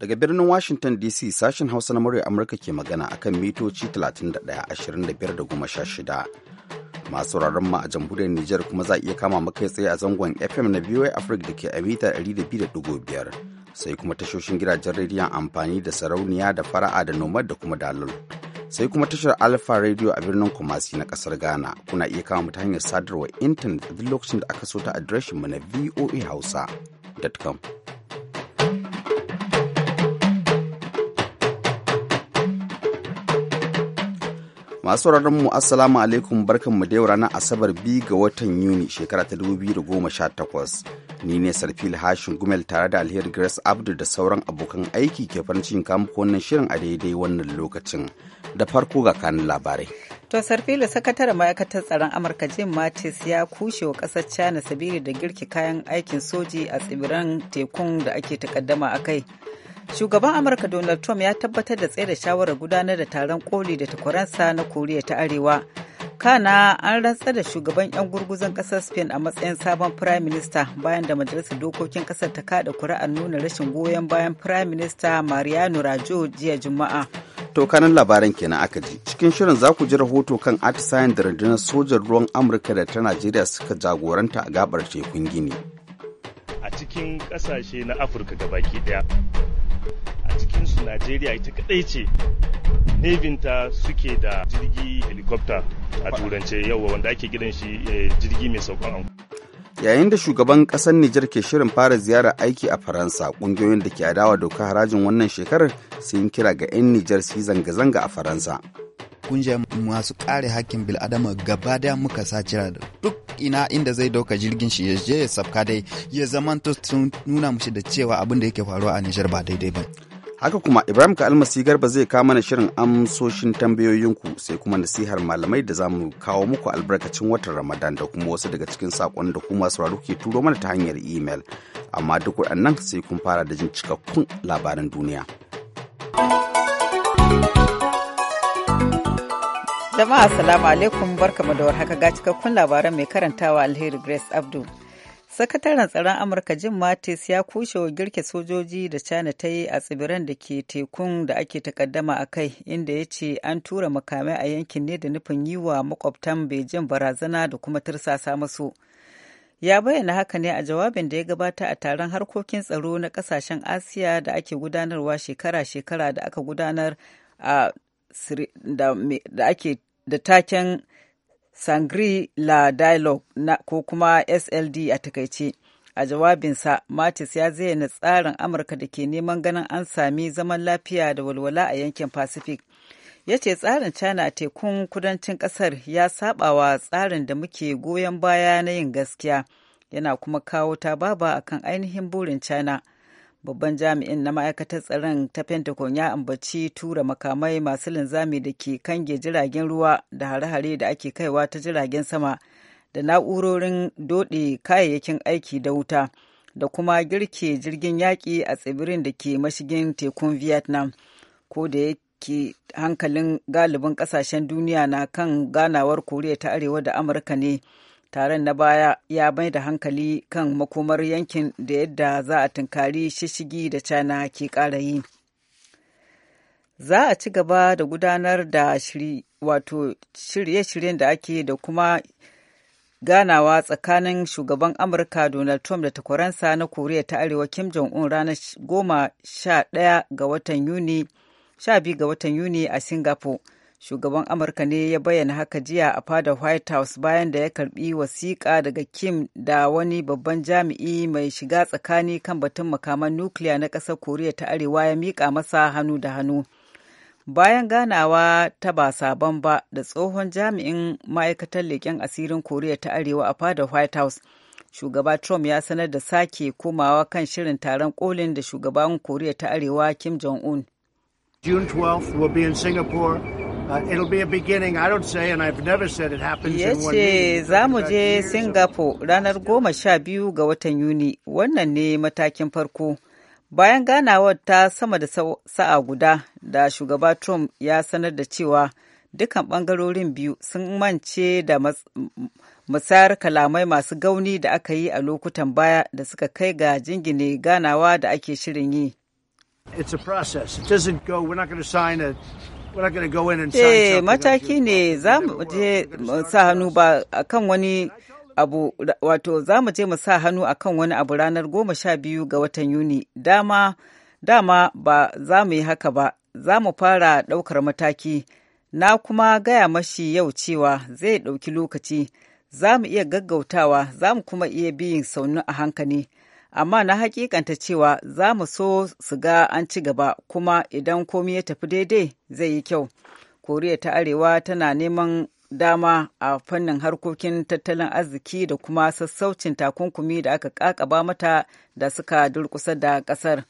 Daga birnin Washington DC sashen Hausa na murya Amurka ke magana a kan mitoci 31-25-16. Masu wuraren ma a jamhuriyar Nijar kuma za a iya kama makai tsaye a zangon FM na VOA Africa da ke a mita 200.5. Sai kuma tashoshin gidajen rediyon amfani da sarauniya da fara'a da nomad da kuma dalol. sai kuma tashar alpha radio a birnin kumasi na kasar ghana kuna iya kama mu ta hanyar sadarwar intanet a duk lokacin da aka so ta adireshin mu na voahausa.com masu sauraron mu assalamu alaikum barkan mu da yau ranar asabar bi ga watan yuni shekara ta 2018 ni ne sarfil hashin gumel tare da alheri grace abdul da sauran abokan aiki ke farin cikin muku wannan shirin a daidai wannan lokacin da farko ga kanin labarai to sarfil sakataren ma'aikatar tsaron amurka jim mattis ya kushe wa kasar china sabili da girki kayan aikin soji a tsibiran tekun da ake takaddama a kai Shugaban Amurka Donald Trump ya tabbatar da tsaye da shawarar gudanar da taron koli da takwaransa na Koriya ta Arewa. Kana an rantsar da shugaban 'yan gurguzan kasar Spain a matsayin sabon Prime Minister bayan da Majalisar Dokokin kasar ta kada kuri'ar nuna rashin goyon bayan Prime Minister Mariano rajo jiya Juma'a. To kanan labaran kenan aka ji. Cikin shirin za ku ji rahoto kan atisayen da rundunar sojan ruwan Amurka da ta Najeriya suka jagoranta a gabar tekun Gini. A cikin kasashe na Afirka gabaki daya. najeriya ita kadai ce ta suke da jirgi helicopter a turance yau wanda ake gidan shi eh, jirgi mai saukan an yayin da shugaban kasar Nijar ke shirin fara ziyarar aiki a Faransa kungiyoyin da ke adawa doka harajin wannan shekarar sun kira ga 'yan Nijar su zanga-zanga a Faransa. Kungiyar masu kare hakkin bil'adama gaba da muka sacira da duk ina inda zai dauka jirgin shi ya je ya sabka dai ya zamanto sun nuna mushi da cewa abin da yake faruwa a Nijar ba daidai ba. haka kuma ibrahim ka garba zai kawo mana shirin amsoshin tambayoyinku sai kuma nasihar malamai da za mu kawo muku albarkacin watan ramadan da kuma wasu daga cikin sakon da kuma sauraro ke turo mana ta hanyar imel amma duk waɗannan sai kun fara da jin cikakkun labaran duniya jama'a assalamu alaikum barkamu da warhaka ga cikakkun labaran mai karantawa alheri grace abdul sakataren tsaron amurka jim mattis ya kushe wa girke sojoji da china ta yi a tsibiran da ke tekun da ake takaddama a kai inda ya ce an tura makamai a yankin ne da nufin yi wa makwabtan beijing barazana da kuma tirsasa masu ya bayyana haka ne a jawabin da ya gabata a taron harkokin tsaro na kasashen asiya da ake gudanarwa shekara-shekara da aka gudanar a da ake da taken sangri la dialogue ko kuma sld a takaice a jawabinsa matis ya zayyana tsarin amurka da ke neman ganin an sami zaman lafiya da walwala a yankin pacific ya ce tsarin china a tekun kudancin kasar ya sabawa tsarin da muke goyon baya na yin gaskiya yana kuma kawo ta baba akan ainihin burin china babban jami'in na ma'aikatar tsaron ta pentagon ya ambaci tura makamai masu linzami da ke kange jiragen ruwa da hare-hare da ake kaiwa ta jiragen sama da na'urorin dode kayayyakin aiki da wuta da kuma girke jirgin yaƙi a tsibirin da ke mashigin tekun vietnam ko da yake hankalin galibin ƙasashen duniya na kan ganawar koriya ta arewa da amurka ne taron na baya ya mai da hankali kan makomar yankin da yadda za a tunkari shishigi da cana ke ƙara yi za a ci gaba da gudanar da shiri wato shirye-shiryen da ake da kuma ganawa tsakanin shugaban amurka donald trump da takwaransa na koriya ta arewa kim jong-un ranar goma sha ga watan yuni sha biyu ga watan yuni a singapore shugaban amurka ne ya bayyana haka jiya a fadar white house bayan da ya karbi wasiƙa daga kim da wani babban jami'i mai shiga tsakani kan batun makaman nukiliya na ƙasar koriya ta arewa ya miƙa masa hannu da hannu bayan ganawa ta ba sabon ba da tsohon jami'in ma'aikatar leƙen asirin koriya ta arewa a fadar white house shugaba trump ya sanar da sake komawa kan shirin taron kolin da shugaban koriya ta arewa kim jong-un june 12 will singapore Uh, ya ce za mu je Singapore ranar goma sha biyu ga watan Yuni, wannan ne matakin farko. Bayan ganawar ta sama da sa'a guda da shugaba Trump ya sanar da cewa dukan bangarorin biyu sun mance da musayar kalamai masu gauni da aka yi a lokutan baya da suka kai ga jingine ganawa da ake shirin yi. It's a process. It doesn't go, we're not going to sign a eh mataki ne za mu je sa hannu ba akan wani abu wato za mu je mu sa hannu akan wani abu ranar goma sha biyu ga watan yuni dama dama ba za mu yi haka ba za mu fara ɗaukar mataki na kuma gaya mashi yau cewa zai ɗauki lokaci za mu iya gaggautawa za mu kuma iya biyin saunu a hankali amma na hakikanta cewa za mu so su ga an ci gaba kuma idan komi ya tafi daidai zai yi kyau koriya ta arewa tana neman dama a fannin harkokin tattalin arziki da kuma sassaucin takunkumi da aka kakaba mata da suka durkusa da kasar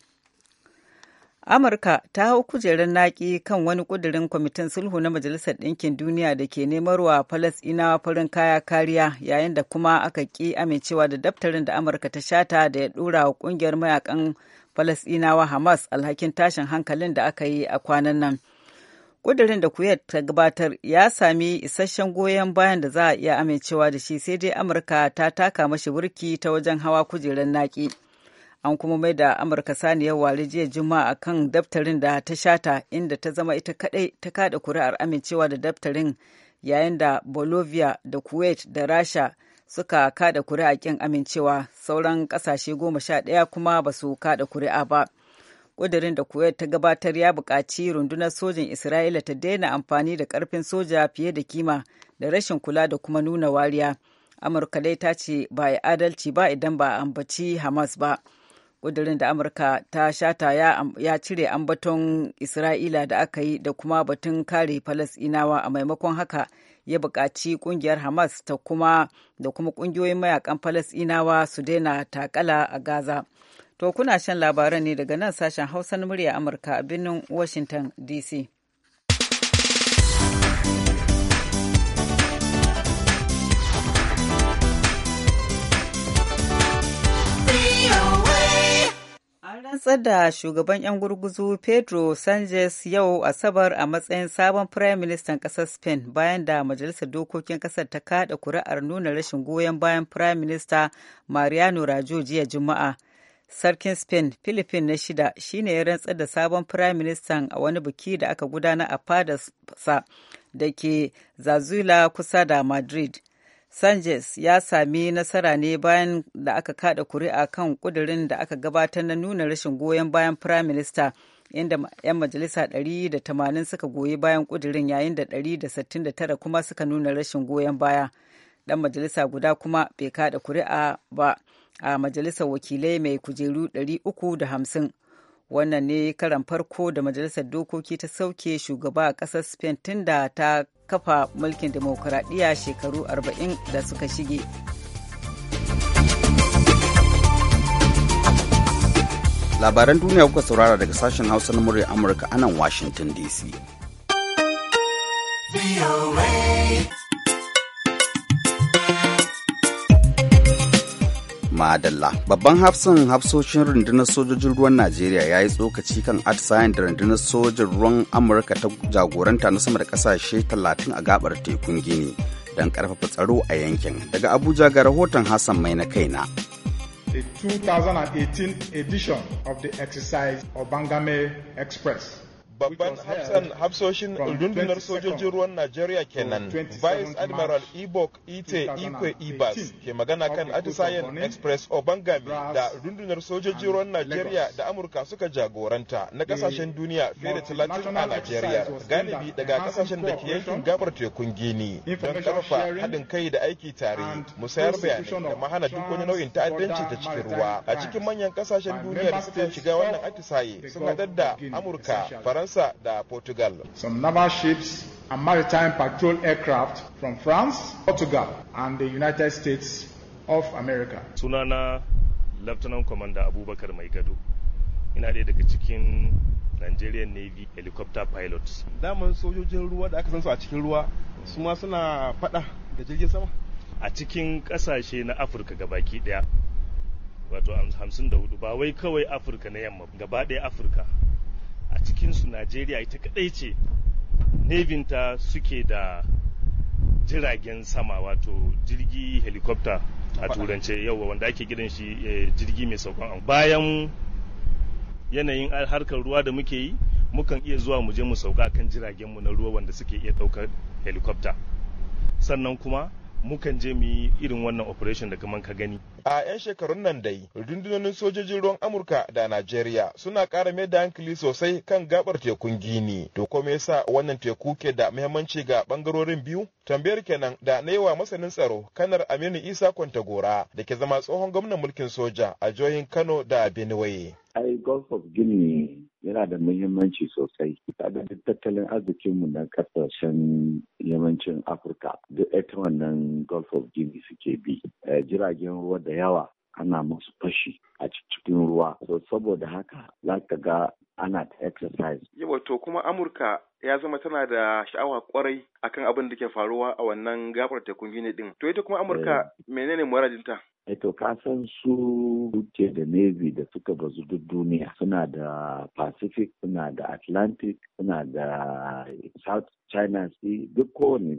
amurka ta hau kujerar naƙi kan wani ƙudurin kwamitin sulhu na majalisar ɗinkin duniya da ke nemar wa falasɗinawa farin kaya kariya yayin da kuma aka ƙi amincewa da daftarin da amurka ta shata da ya ɗora wa ƙungiyar mayakan falasɗinawa hamas alhakin tashin hankalin da aka yi a kwanan nan Ƙudurin da kuyat ta gabatar ya sami isasshen goyon bayan da za a iya amincewa da shi sai dai amurka ta taka mashi wurki ta wajen hawa kujerar naƙi an kuma mai da amurka saniyar ware jiya juma'a kan daftarin da ta shata inda ta zama ita kadai ta kada kuri'ar amincewa da daftarin yayin da bolivia da kuwait da rasha suka kada kuri'a kin amincewa sauran kasashe goma sha daya kuma ba su kada kuri'a ba ƙudirin da kuwait ta gabatar ya buƙaci rundunar sojin isra'ila ta daina amfani da karfin soja fiye da kima da rashin kula da kuma nuna wariya amurka dai ta ce ba ya adalci ba idan ba ambaci hamas ba ƙudurin da amurka ta shata ya cire ambaton isra'ila da aka yi da kuma batun kare falasinawa a maimakon haka ya buƙaci ƙungiyar hamas ta kuma da kuma ƙungiyoyin mayakan falasinawa su daina takala a gaza to kuna shan labaran ne daga nan sashen hausa na murya amurka a birnin washington dc An rantsar da shugaban 'yan gurguzu Pedro Sanchez yau Asabar a matsayin sabon Firayim Ministan ƙasar Spain bayan da Majalisar Dokokin ƙasar ta kada kuri'ar nuna rashin goyon bayan Firayim Minista Mariano rajo jiya Juma'a. Sarkin Spain, Philippine na shida, shine ya rantsar da sabon Firayim Ministan a wani biki da aka gudana a fadarsa da ke Zazula kusa da Madrid. Sanchez ya sami nasara ne bayan da aka kada kuri'a kan kudirin da aka gabatar na nuna rashin goyon bayan Prime Minister inda 'yan majalisa 180 suka goyi bayan kudirin yayin da 169 kuma suka nuna rashin goyon baya. Dan majalisa guda kuma bai kada kuri'a ba a majalisar wakilai mai kujeru 350. wannan ne karan farko da majalisar dokoki ta sauke shugaba a ƙasar spain tun da ta kafa mulkin demokuraɗiyya shekaru 40 da suka shige labaran duniya kuka saurara daga sashen hausa na murya amurka anan washington dc Madalla. Babban hafsan hafsoshin rundunar sojojin ruwan Najeriya ya yi tsokaci kan atisayen da rundunar sojin ruwan Amurka ta jagoranta na sama da kasashe 30 a gabar tekun Gini don karfafa tsaro a yankin. Daga Abuja ga rahoton Hassan mai na kaina. The 2018 edition of the exercise Obangame Express babban hafsoshin rundunar sojojin ruwan Najeriya kenan Vice Admiral Ibok Ite Ikwe Ibas ke magana kan Atisayen Express Obangami da rundunar sojojin ruwan Najeriya da Amurka suka jagoranta na kasashen duniya fiye da talatin a Najeriya galibi daga kasashen da ke yankin gabar tekun Gini don karfa haɗin kai da aiki tare musayar bayanai da mahana duk wani nau'in ta'addanci ta cikin ruwa a cikin manyan kasashen duniya da suka shiga wannan atisaye sun haɗar da Amurka, Faransa Faransa da Portugal. Some naval ships and maritime patrol aircraft from France, Portugal and the United States of America. Sunana Lieutenant Commander Abubakar Mai Gado. Ina ɗaya daga cikin Nigerian Navy helicopter pilots. Daman sojojin ruwa da aka san su a cikin ruwa su ma suna fada da jirgin sama? A cikin ƙasashe na Afirka gabaki ɗaya. Wato 54 ba wai kawai Afirka na yamma gaba ɗaya Afirka cikinsu najeriya ita kadai ce nevinta suke da jiragen sama wato jirgi helicopter a turance yau wanda ake gidan shi eh, jirgi mai saukan bayan yanayin harkar ruwa da muke yi mukan iya zuwa mu je mu sauka kan mu na ruwa wanda suke iya ɗaukar helicopter sannan kuma mukan je mu yi irin wannan operation da kaman ka gani. A 'yan shekarun nan dai, rundunonin sojojin ruwan Amurka da Najeriya suna ƙara mai da hankali sosai kan gabar tekun Gini. To ko me yasa wannan teku ke da muhimmanci ga bangarorin biyu? Tambayar kenan da na yi wa masanin tsaro kanar Aminu Isa Kwantagora da ke zama tsohon gwamnan mulkin soja a jihohin Kano da Benue. ai Gulf of Guinea yana da muhimmanci sosai. Kaga duk tattalin arzikinmu na kasashen yammacin Afirka duk ita wannan Gulf of Guinea suke bi. Eh, jiragen ruwa da yawa ana musu fashi a cikin ruwa. So saboda haka za ka ga ana ta exercise. Yawa to kuma Amurka ya zama tana da sha'awa kwarai akan abin da ke faruwa a wannan gabar tekun Guinea din. To ita kuma Amurka eh. menene muradinta? Eh, ka kasan su duke da Navy da suka bazu duk duniya suna da Pacific, suna da Atlantic, suna da South China Sea duk kowane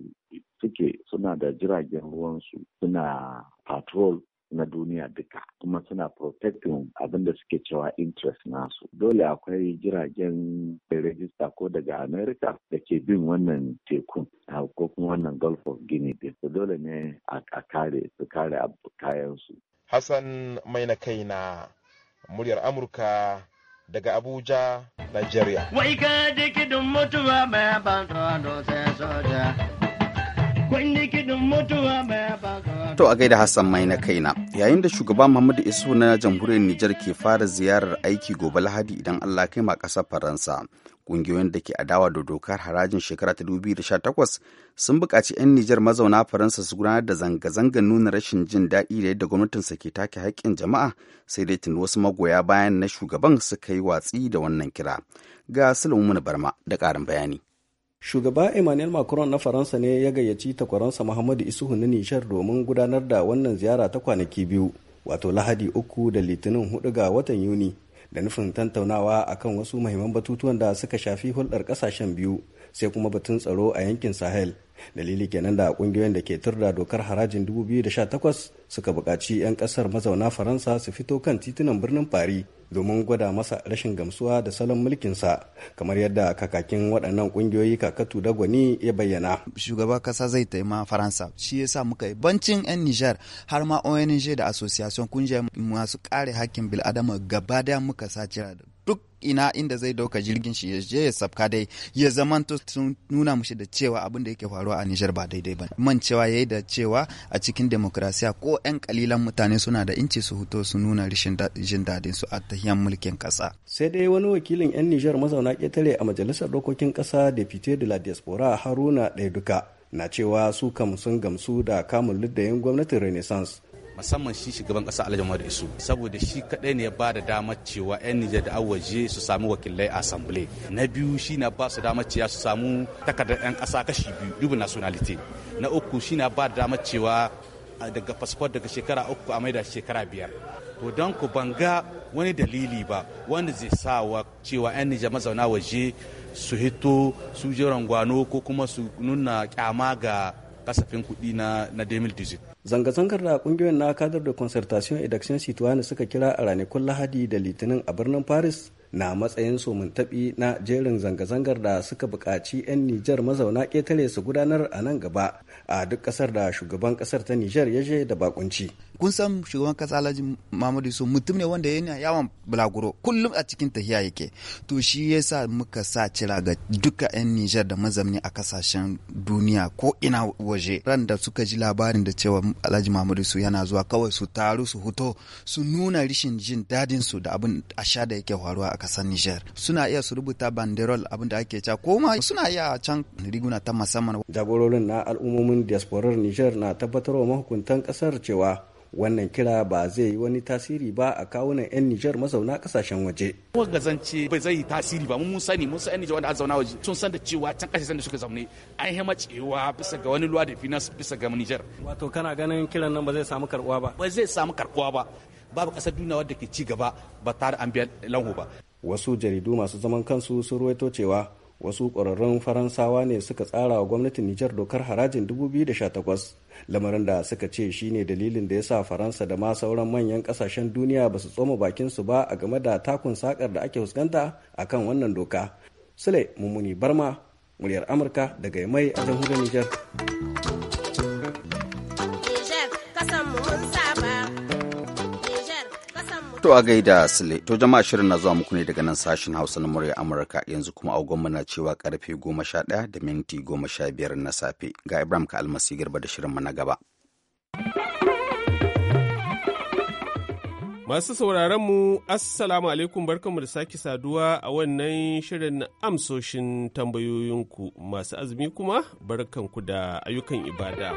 suke suna da jiragen ruwansu suna patrol na duniya duka kuma suna protecting abin da suke cewa interest nasu dole akwai jiragen rejista ko daga america da ke bin wannan tekun ko kuma wannan gulf of guinea din dole ne a kare su kare kayan hassan mai na kai na muryar amurka daga abuja nigeria wai ka To a gaida Hassan mai na kaina yayin da shugaba Muhammadu Isu na jamhuriyar Nijar ke fara ziyarar aiki gobe Lahadi idan Allah kai ma kasar Faransa. Ƙungiyoyin da ke adawa da dokar harajin shekara ta 2018 sun buƙaci 'yan Nijar mazauna Faransa su gudanar da zanga-zangar nuna rashin jin daɗi da yadda gwamnatinsa ke take haƙƙin jama'a sai dai tun wasu magoya bayan na shugaban suka yi watsi da wannan kira. Ga Sulaimu Barma da ƙarin bayani. shugaba emmanuel macron na faransa ne ya gayyaci takwaransa muhammadu isuhu na nishar domin gudanar da wannan ziyara ta kwanaki biyu wato lahadi uku da litinin hudu ga watan yuni da nufin tantaunawa akan wasu mahimman batutuwan da suka shafi hulɗar ƙasashen biyu sai kuma batun tsaro a yankin sahel dalili kenan da kungiyoyin da ke turda dokar harajin 2018 suka buƙaci 'yan ƙasar mazauna faransa su fito kan titunan birnin fari domin gwada masa rashin gamsuwa da salon mulkinsa kamar yadda kakakin waɗannan ƙungiyoyi kakatu da gwani ya bayyana shugaba kasa zai taima faransa shi ya sa muka yi bancin 'yan nijar har ma ong da association kungiyar masu kare hakkin bil'adama gaba daya muka sa cira duk ina inda zai dauka jirgin shi ya je ya sabka dai ya zamanto sun nuna mushi da cewa abin da yake faruwa a Nijar ba daidai ba man cewa yayi da cewa a cikin demokrasiya ko yan kalilan mutane suna da inci su huto su nuna rishin jin dadin su a tahiyan mulkin kasa sai dai wani wakilin yan Nijar mazauna ketare a majalisar dokokin kasa député de la diaspora Haruna Daiduka na cewa su kam sun gamsu da kamun liddayin gwamnatin Renaissance musamman shi shugaban kasa Alhaji Muhammadu Isu saboda shi kadai ne ya ba da damar cewa 'yan Nijar da awaje su samu wakilai a assembly na biyu shi na ba su damar cewa su samu takardar 'yan kasa kashi biyu dubu nationality na uku shi na ba da damar cewa daga fasfot daga shekara uku a maida shekara biyar to don ku ga wani dalili ba wanda zai sa wa cewa 'yan nijar mazauna waje su hito su je rangwano ko kuma su nuna kyama ga kasafin kuɗi na na 2018 zanga-zangar da kungiyoyin na kadar da concertation et d'action citoyenne suka kira a ranakun lahadi da litinin a birnin paris na matsayin taɓi na jerin zanga-zangar da suka bukaci 'yan nijar mazauna ketare su gudanar a nan gaba a duk ƙasar da shugaban ƙasar ta nijar ya je da bakunci kun san shugaban kasa alhaji mahmud Yusuf mutum ne wanda yana yawan bulaguro kullum a cikin tahiya yake to shi yasa muka sa cira ga duka 'yan Nijar da mazamni a kasashen duniya ko ina waje ran da suka ji labarin da cewa alhaji mahmud Yusuf yana zuwa kawai su taru su huto su nuna rishin jin dadin su da abin asha da yake faruwa a kasar Nijar suna iya su rubuta banderol abin da ake cewa ko ma suna iya can riguna ta musamman jagororin na al'ummomin diasporar Nijar na tabbatarwa mahukuntan kasar cewa wannan kira ba zai yi wani tasiri ba a kawunan 'yan Nijar mazauna kasashen waje. Wanga zance bai zai yi tasiri ba mun sani mun san 'yan Nijar wanda a zauna waje sun san da cewa can kasashen da suka zaune an yi macewa bisa ga wani luwa da finas bisa ga Nijar. Wato kana ganin kiran nan ba zai samu karbuwa ba. Ba zai samu karbuwa ba. Babu kasar duniya wadda ke ci gaba ba tare an biya lanho ba. Wasu jaridu masu zaman kansu sun ruwaito cewa wasu ƙwararrun faransawa ne suka tsara wa gwamnatin nijar dokar harajin 2018 lamarin da suka ce shine dalilin da ya sa faransa da ma sauran manyan ƙasashen duniya ba su tsoma bakinsu ba a game da takun sakar da ake fuskanta a kan wannan doka sule mummuni barma muryar amurka daga mai a jamhuriyar nijar To a gaida Sule, to jama'a shirin na zuwa muku ne daga nan sashen Hausa na murya Amurka yanzu kuma au na cewa karfe goma sha ɗaya da minti goma sha biyar na safe ga Ibrahim ka almasi girba da shirin na gaba. Masu sauraron mu Assalamu alaikum barkanmu da sake saduwa a wannan shirin amsoshin tambayoyinku masu azumi kuma barkanku da ayyukan ibada.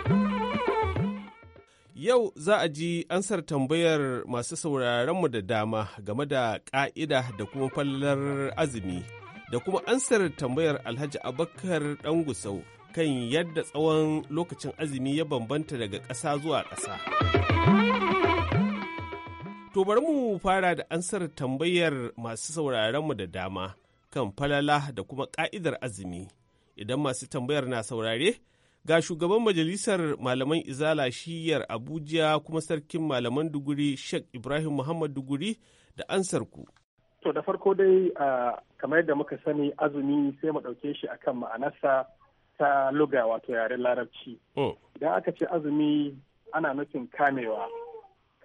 Yau za a ji ansar tambayar masu sauraronmu da dama game da ƙa'ida da kuma fallar azumi da kuma ansar tambayar Alhaji Abakar Dangusau kan yadda tsawon lokacin azumi ya bambanta daga ƙasa zuwa ƙasa. To bari mu fara da ansar tambayar masu sauraronmu da dama kan falala da kuma ƙa'idar azumi. Idan masu tambayar na saurare, Ga shugaban majalisar malaman izala shiyar Abuja kuma sarkin malaman duguri Sheikh Ibrahim Muhammad duguri da ansar ku. To da farko dai kamar yadda muka sani azumi sai mu ɗauke shi akan ma'anarsa ta luga wato yaren larabci. Oh. Idan aka ce azumi ana nufin kamewa.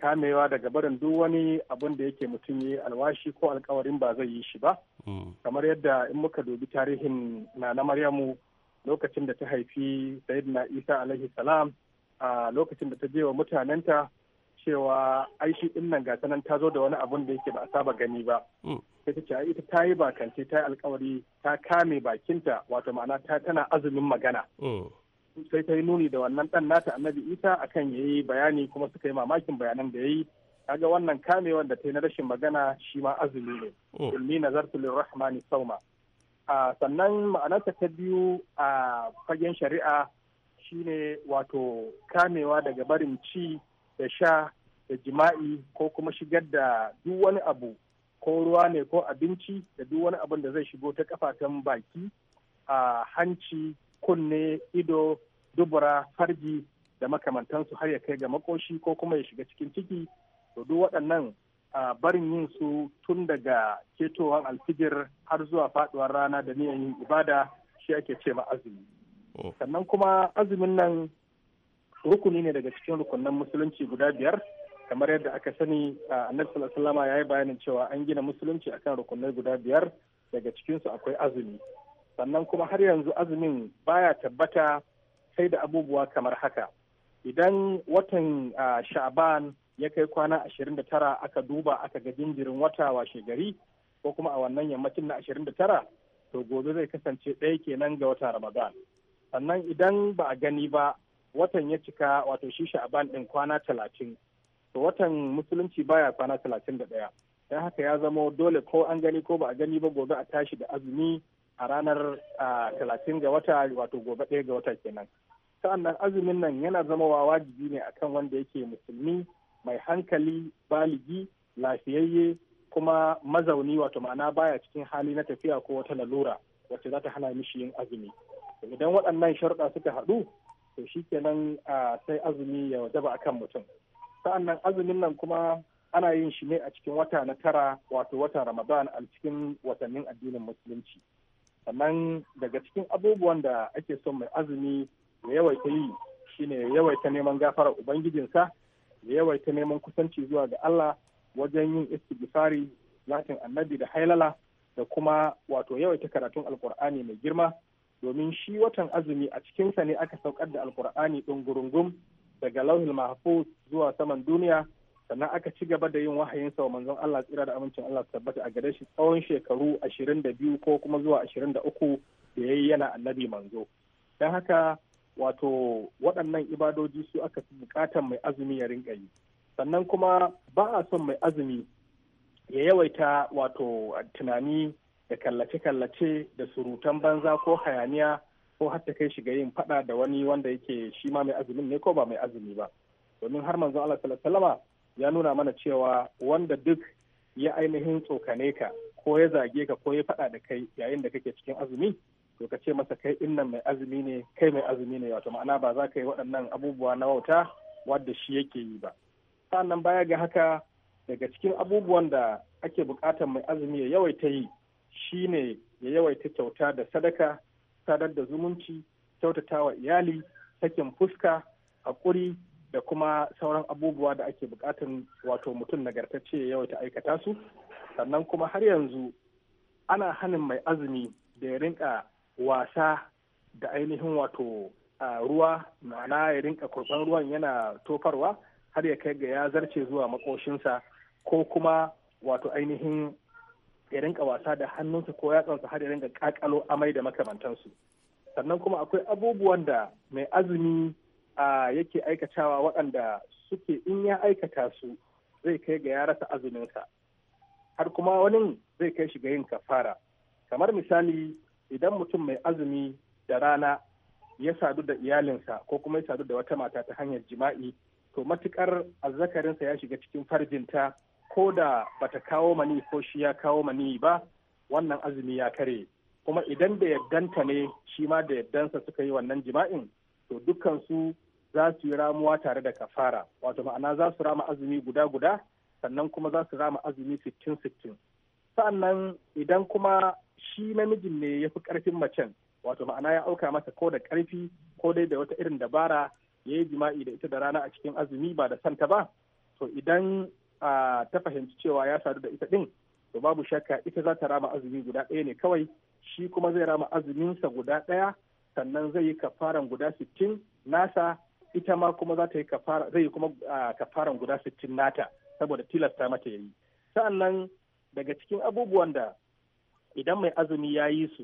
kamewa daga barin duk wani abun da yake mutum yi alwashi ko alkawarin ba zai yi shi ba mm. kamar yadda in muka dubi tarihin na na maryamu lokacin da ta haifi sayyidina isa alaihi salam a lokacin da ta je wa mutanenta cewa aishi shi din nan gata nan ta zo da wani abun da yake ba a saba gani ba mm. sai ta ce ai ita ta yi bakance ta yi alkawari ta kame bakinta wato ma'ana ta tana azumin magana mm. sai ta yi nuni da wannan dan nata annabi isa akan yi bayani kuma suka yi mamakin bayanan da ya yi kaga wannan kamewan da ta yi na rashin magana shi ma azumi ne mm. ilmi nazartu lirrahmani sauma sannan ma'anarsa ta biyu a fagen shari'a shine wato kamewa daga barin ci da sha da jima'i ko kuma shigar da duk wani abu ko ruwa ne ko abinci da duk wani abin da zai shigo ta kafatan baki a hanci kunne ido dubura farji da makamantansu har ya kai ga makoshi ko kuma ya shiga cikin ciki to duk waɗannan A barin yin su tun daga ketowar alfijir har zuwa faduwar rana da niyan yin ibada shi ake ce ma azumi oh. sannan kuma azumin nan rukuni ne daga cikin rukunan musulunci guda biyar kamar yadda aka sani annabi sallallahu ya yi bayanin cewa an gina musulunci akan rukunai guda biyar daga cikinsu akwai azumi sannan kuma har yanzu azumin baya tabbata sai da abubuwa kamar haka idan watan sha'ban ya kai kwana ashirin da aka duba aka ga jinjirin wata washe gari ko kuma a wannan yammacin na ashirin to gobe zai kasance ɗaya kenan ga wata ramadan sannan idan ba a gani ba watan ya cika wato shi sha'aban ɗin kwana talatin to watan musulunci baya kwana talatin da ɗaya don haka ya zama dole ko an gani ko ba a gani ba gobe a tashi da azumi a ranar talatin ga wata wato gobe ɗaya ga wata kenan nan azumin nan yana zama wa wajibi ne akan wanda yake musulmi mai hankali baligi lafiyayye kuma mazauni wato ma'ana baya cikin hali na tafiya ko wata lalura wacce za ta hana mishi yin azumi idan waɗannan sharuɗa suka haɗu to shikenan sai azumi ya wajaba akan mutum sa'an nan azumin nan kuma ana yin shi ne a cikin wata na tara wato watan ramadan a cikin watannin addinin musulunci sannan daga cikin abubuwan da ake son mai azumi ya yawaita yi shine yawaita neman gafarar ubangijinsa yawa yawaita neman kusanci zuwa ga Allah wajen yin istighfari zatin annabi da hailala da kuma wato yawaita karatun alkur'ani mai girma domin shi watan azumi a cikinsa ne aka saukar da alkur'ani ɗin gurungum daga lauhil mahfuz zuwa saman duniya sannan aka ci gaba da yin wahayin sa wa manzon Allah tsira da amincin Allah su tabbata a gare shi tsawon shekaru ashirin da biyu ko kuma zuwa ashirin da uku da yayi yana annabi manzo don haka wato waɗannan ibadoji su aka fi bukatan mai azumi ya rinka yi sannan kuma ba a son mai azumi ya yawaita wato tunani da kallace-kallace da surutan banza ko hayaniya ko har ta kai shiga yin faɗa da wani wanda yake shi ma mai azumin ne ko ba mai azumi ba domin har manzon Allah sallallahu ya nuna mana cewa wanda duk ya ainihin tsokane ka ko ya zage ka ko ya fada da kai yayin da kake cikin azumi to ka ce masa kai innan mai azumi ne kai mai azumi ne wato ma'ana ba za ka yi waɗannan abubuwa na wauta wadda shi yake yi ba sannan baya ga haka daga cikin abubuwan da ake buƙatar mai azumi ya yawaita yi shi ne ya yawaita kyauta da sadaka sadar da zumunci kyautatawa iyali sakin fuska haƙuri da kuma sauran abubuwa da ake buƙatar wato mutum nagartacce ya yawaita aikata su sannan kuma har yanzu ana hanin mai azumi da ya rinka wasa da ainihin wato ruwa ma'ana ya rinka kurban ruwan yana tofarwa har ya kai ga ya zarce zuwa makoshinsa ko kuma wato ainihin ya rinka wasa da hannunsa ko yatsansa har ya rinka kakalo amai da makamantansu sannan kuma akwai abubuwan da mai azumi yake aikatawa waɗanda suke in ya aikata su zai kai ga ya rasa azuminsa har kuma wani zai kai shi ga yin kafara kamar misali idan mutum mai azumi da rana ya sadu da iyalinsa ko kuma ya sadu da wata mata ta hanyar jima'i to matukar azzakarinsa ya shiga cikin farjinta ko da bata kawo mani ko shi ya kawo mani ba wannan azumi ya kare kuma idan da yaddanta ne shi ma da yaddansa suka yi wannan jima'in to dukkan su za su yi ramuwa tare da kafara wato ma'ana za su rama azumi guda guda sannan kuma za su rama azumi sittin sittin sa'annan idan kuma shi namijin ne ya fi karfin macen wato ma'ana ya auka masa ko da karfi ko dai da wata irin dabara ya yi jima'i da ita da rana a cikin azumi ba da santa ba to idan ta fahimci cewa ya sadu da ita din to babu shakka ita za ta rama azumi guda ɗaya ne kawai shi kuma zai rama azuminsa guda ɗaya sannan zai yi kafaran guda sittin nasa ita ma kuma za ta yi kafara zai yi kuma kafaran guda sittin nata saboda tilasta mata yi. sa'annan daga cikin abubuwan da idan mai azumi ya yi su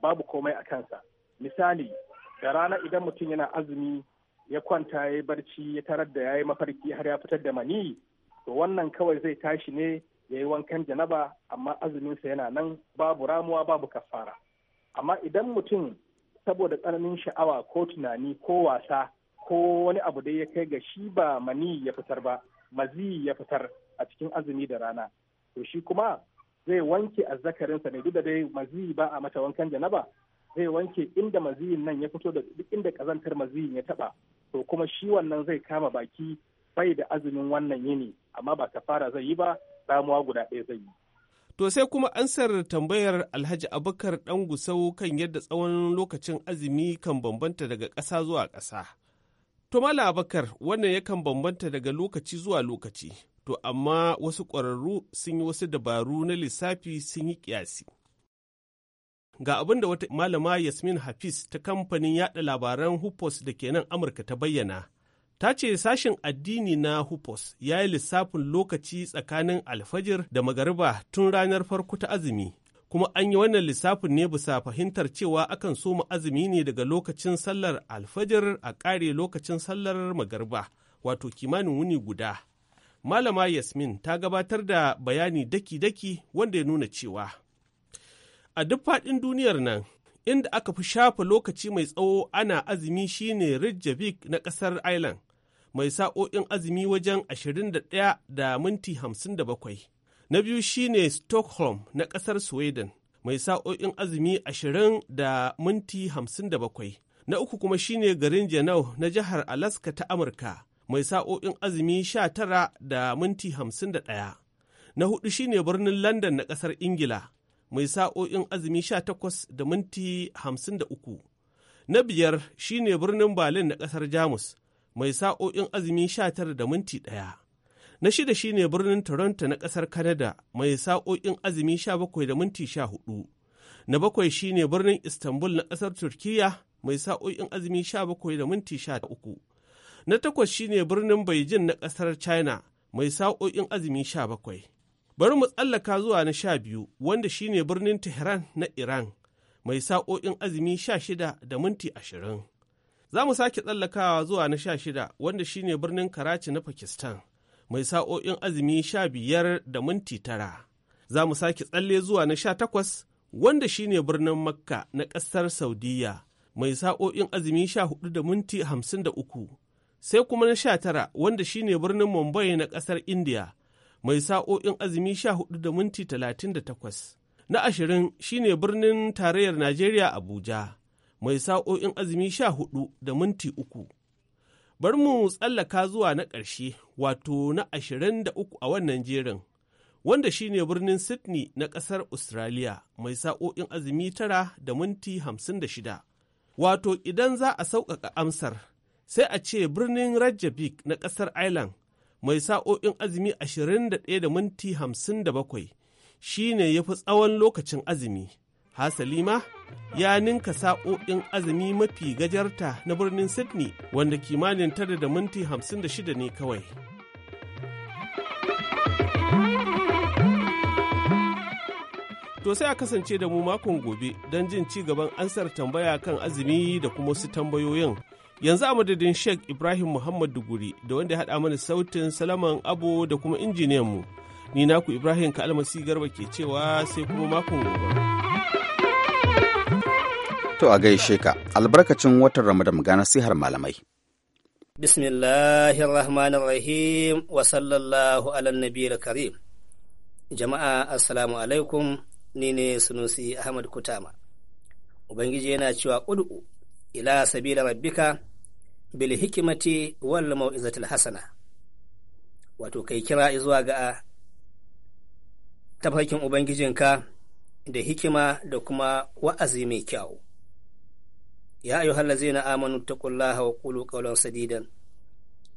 babu komai a kansa misali da rana idan mutum yana azumi ya kwanta ya yi barci ya tarar da ya yi mafarki har ya fitar da mani to wannan kawai zai tashi ne ya yi wankan janaba amma azuminsa yana nan babu ramuwa babu kafara amma idan mutum saboda tsananin sha'awa ko tunani ko wasa ko wani abu dai ya kai ga shi ba mani ya fitar ba mazi ya fitar a cikin azumi da rana to shi kuma zai wanke azzakarinsa ne duk da dai maziyi ba a mata wankan janaba zai wanke inda maziyin nan ya fito da duk inda kazantar maziyin ya taba to kuma shi wannan zai kama baki bai da azumin wannan yini amma ba fara zai yi ba damuwa guda ɗaya zai yi To sai kuma ansar tambayar Alhaji Abubakar ɗan gusau kan yadda tsawon lokacin azumi kan bambanta daga ƙasa zuwa ƙasa. To mala Abubakar wannan yakan bambanta daga lokaci zuwa lokaci. to amma wasu ƙwararru sun yi wasu dabaru na lissafi sun yi ƙyasi. Ga abin da wata malama Yasmin Hafiz ta kamfanin yada labaran Hupos da ke nan Amurka ta bayyana, ta ce sashen addini na Hupos ya yi lissafin lokaci tsakanin alfajir da magariba tun ranar farko ta azumi. Kuma an yi wannan lissafin ne bisa fahimtar cewa akan soma azumi ne daga lokacin sallar alfajir a ƙare lokacin sallar magariba, wato kimanin wuni guda. Malama Yasmin ta gabatar da bayani daki-daki wanda ya nuna cewa a duk faɗin duniyar nan inda aka fi shafa lokaci mai tsawo ana azumi shine Reykjavik na ƙasar Ireland mai sa'o'in azumi wajen 21 da minti 57. Na biyu shine Stockholm na ƙasar Sweden mai sa'o'in azumi 20 da minti 57. Na uku kuma shine garin Janau na jihar Alaska ta Amurka mai sa'o'in azumi sha tara da minti hamsin da ɗaya. Na hudu shine birnin London na ƙasar Ingila mai sa'o'in azumi sha takwas da minti hamsin da uku. Na biyar shine birnin Berlin na ƙasar Jamus mai sa'o'in azumi sha tara da minti ɗaya. Na shida shine birnin Toronto na ƙasar Canada mai sa'o'in azumi sha bakwai da minti sha hudu. Na bakwai shine birnin Istanbul na ƙasar Turkiyya mai sa'o'in azumi sha bakwai da minti sha uku. Na takwas shine birnin Beijing na ƙasar China mai sa'o'in azumi sha bakwai. Bari mu tsallaka zuwa na sha biyu wanda shine birnin Tehran na Iran mai sa'o'in azumi sha shida da minti ashirin. Za mu sake tsallakawa zuwa na sha shida wanda shine birnin Karachi na Pakistan mai sa'o'in azumi sha biyar da minti tara. Za mu sake tsalle zuwa na sha takwas wanda shine birnin Makka na ƙasar Saudiya mai sa'o'in azumi sha hudu da minti hamsin da uku. sai kuma na sha tara wanda shine birnin Mumbai na ƙasar India mai sa'o'in azumi sha hudu da minti talatin da takwas. Na ashirin shine birnin tarayyar Najeriya Abuja mai sa'o'in azumi sha hudu da minti uku. Bari mu tsallaka zuwa na ƙarshe wato na ashirin da uku a wannan jerin wanda shine birnin Sydney na ƙasar Australia mai sa'o'in azumi tara da minti hamsin da shida. Wato idan za a sauƙaƙa amsar sai a ce birnin Rajabik na ƙasar Ireland mai sa'o'in azumi 21 da minti 57 shi ne ya fi tsawon lokacin azumi. Hasali ma ya ninka sa'o'in azumi mafi gajarta na birnin Sydney wanda kimanin tara da minti 56 ne kawai. To sai a kasance da mu makon gobe don jin ci gaban ansar tambaya kan azumi da kuma su tambayoyin. yanzu a madadin sheikh ibrahim muhammad duguri da wanda ya haɗa mana sautin salaman abu da kuma injiniyanmu, mu ni naku ibrahim kalmasi garba ke cewa sai kuma makon gobe to a gaishe ka albarkacin watan ramadan ga nasihar malamai bismillahir rahmanir rahim wa sallallahu ala nabiyil karim jama'a assalamu alaikum ni ne sunusi ahmad kutama ubangiji yana cewa ud'u ila sabila rabbika bil hikimati wal mau'izatil hasana wato kai kira zuwa ga tafarkin ubangijinka da hikima da kuma wa'azi mai kyau ya zai na amanu taqullaha wa qulu qawlan sadida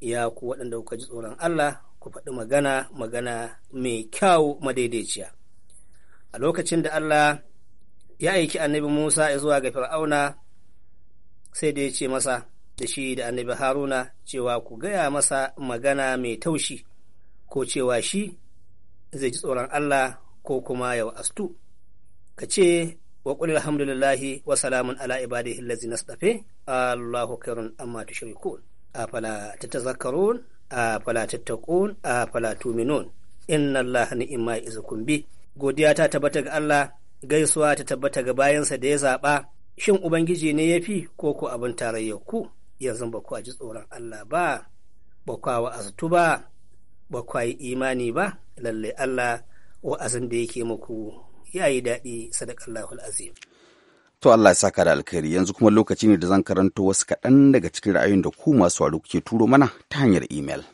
ya ku waɗanda kuka ji tsoron Allah ku faɗi magana magana mai kyau madaidaiciya a lokacin da Allah ya aiki annabi Musa zuwa ga Fir'auna sai da ya ce masa da shi da annabi haruna cewa ku gaya masa magana mai taushi ko cewa shi zai ji tsoron Allah ko kuma ya astu ka ce wa qul alhamdulillahi wa salamun ala ibadihi allazi Allahu khairun amma tushrikun a tatazakkarun afala tattaqun afala tuminun inna Allaha ni'ma izukun bi godiya ta tabbata ga Allah gaisuwa ta tabbata ga bayansa da ya zaɓa shin Ubangiji ne ya fi ko ko abin tarayyar ku yanzu ba ku ji tsoron Allah ba, ba ku azutu ba, ba ku yi imani ba, lallai Allah wa'azin da yake muku ya yi daɗi sadakallahu azim. To Allah ya saka da alkhairi yanzu kuma lokaci ne da zan karanto wasu kaɗan daga cikin ra'ayin da ku masu kuke turo mana ta hanyar imel.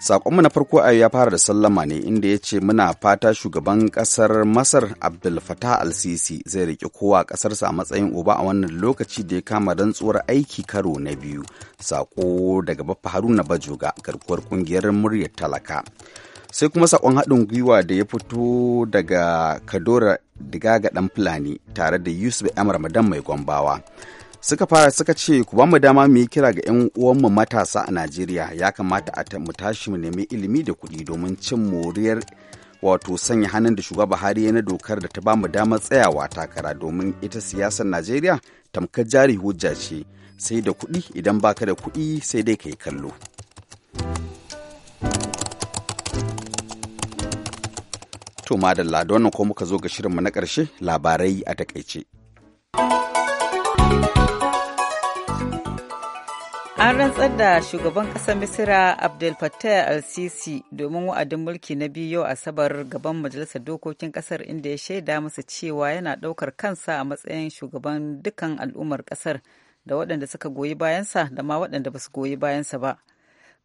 Sakonmu na farko a ya fara da sallama ne inda ya ce muna fata shugaban ƙasar Masar Abdul Fattah al-Sisi zai riƙe kowa ƙasarsa a matsayin uba a wannan lokaci da ya kama rantsuwar aiki karo na biyu. saƙo daga bafa Haruna Bajoga garkuwar ƙungiyar muryar talaka. Sai kuma sakon haɗin gwiwa da ya fito daga Kadora Digaga ɗan Fulani tare da Yusuf Amar Madan mai Gombawa. suka fara suka ce ku ba mu dama mu yi kira ga 'yan uwanmu matasa a najeriya ya kamata a mu tashi mu nemi ilimi da kuɗi domin cin moriyar wato sanya hannun da shugaba buhari ya na dokar da ta ba mu damar tsayawa takara domin ita siyasar najeriya tamkar jari hujja ce sai da kuɗi idan baka da kuɗi sai dai ka yi kallo to madalla da wannan ko muka zo ga shirinmu na ƙarshe labarai a takaice An rantsar da shugaban ƙasar Misira Abdel Fattah al-Sisi domin wa'adin mulki na biyu yau Asabar gaban Majalisar Dokokin ƙasar inda ya shaida masa cewa yana ɗaukar kansa a matsayin shugaban dukkan al'ummar ƙasar da waɗanda suka goyi bayansa da ma waɗanda ba su goyi bayansa ba.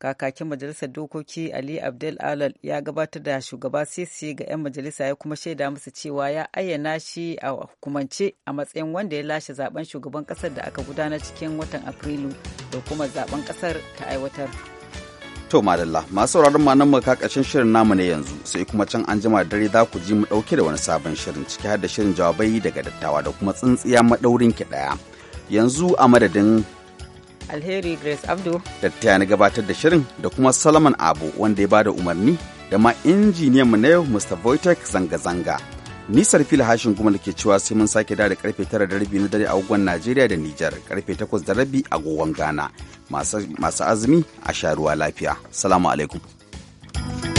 kakakin majalisar dokoki ali abdul alal ya gabatar da shugaba sisi ga 'yan majalisa ya kuma shaida musu cewa ya ayyana shi a hukumance a matsayin wanda ya lashe zaben shugaban kasar da aka gudana cikin watan afrilu da kuma zaben kasar ta aiwatar to madalla masu sauraron ma nan muka kashin shirin namu ne yanzu sai kuma can an jima dare za ku ji mu dauke da wani sabon shirin ciki har da shirin jawabai daga dattawa da kuma tsintsiya madaurin ki daya yanzu a madadin Alheri Grace Abdu. Da ta na gabatar da shirin da kuma Solomon Abu wanda ya bada umarni da ma injiniyan mu na yau Mr. Voitek zanga-zanga. Nisar fil hashin kuma da ke cewa sai mun sake da karfe tara da na dare a agogon Najeriya da Nijar, karfe 8:30 da rabi a agogon Ghana. Masu azumi a sha ruwa lafiya. Salamu alaikum.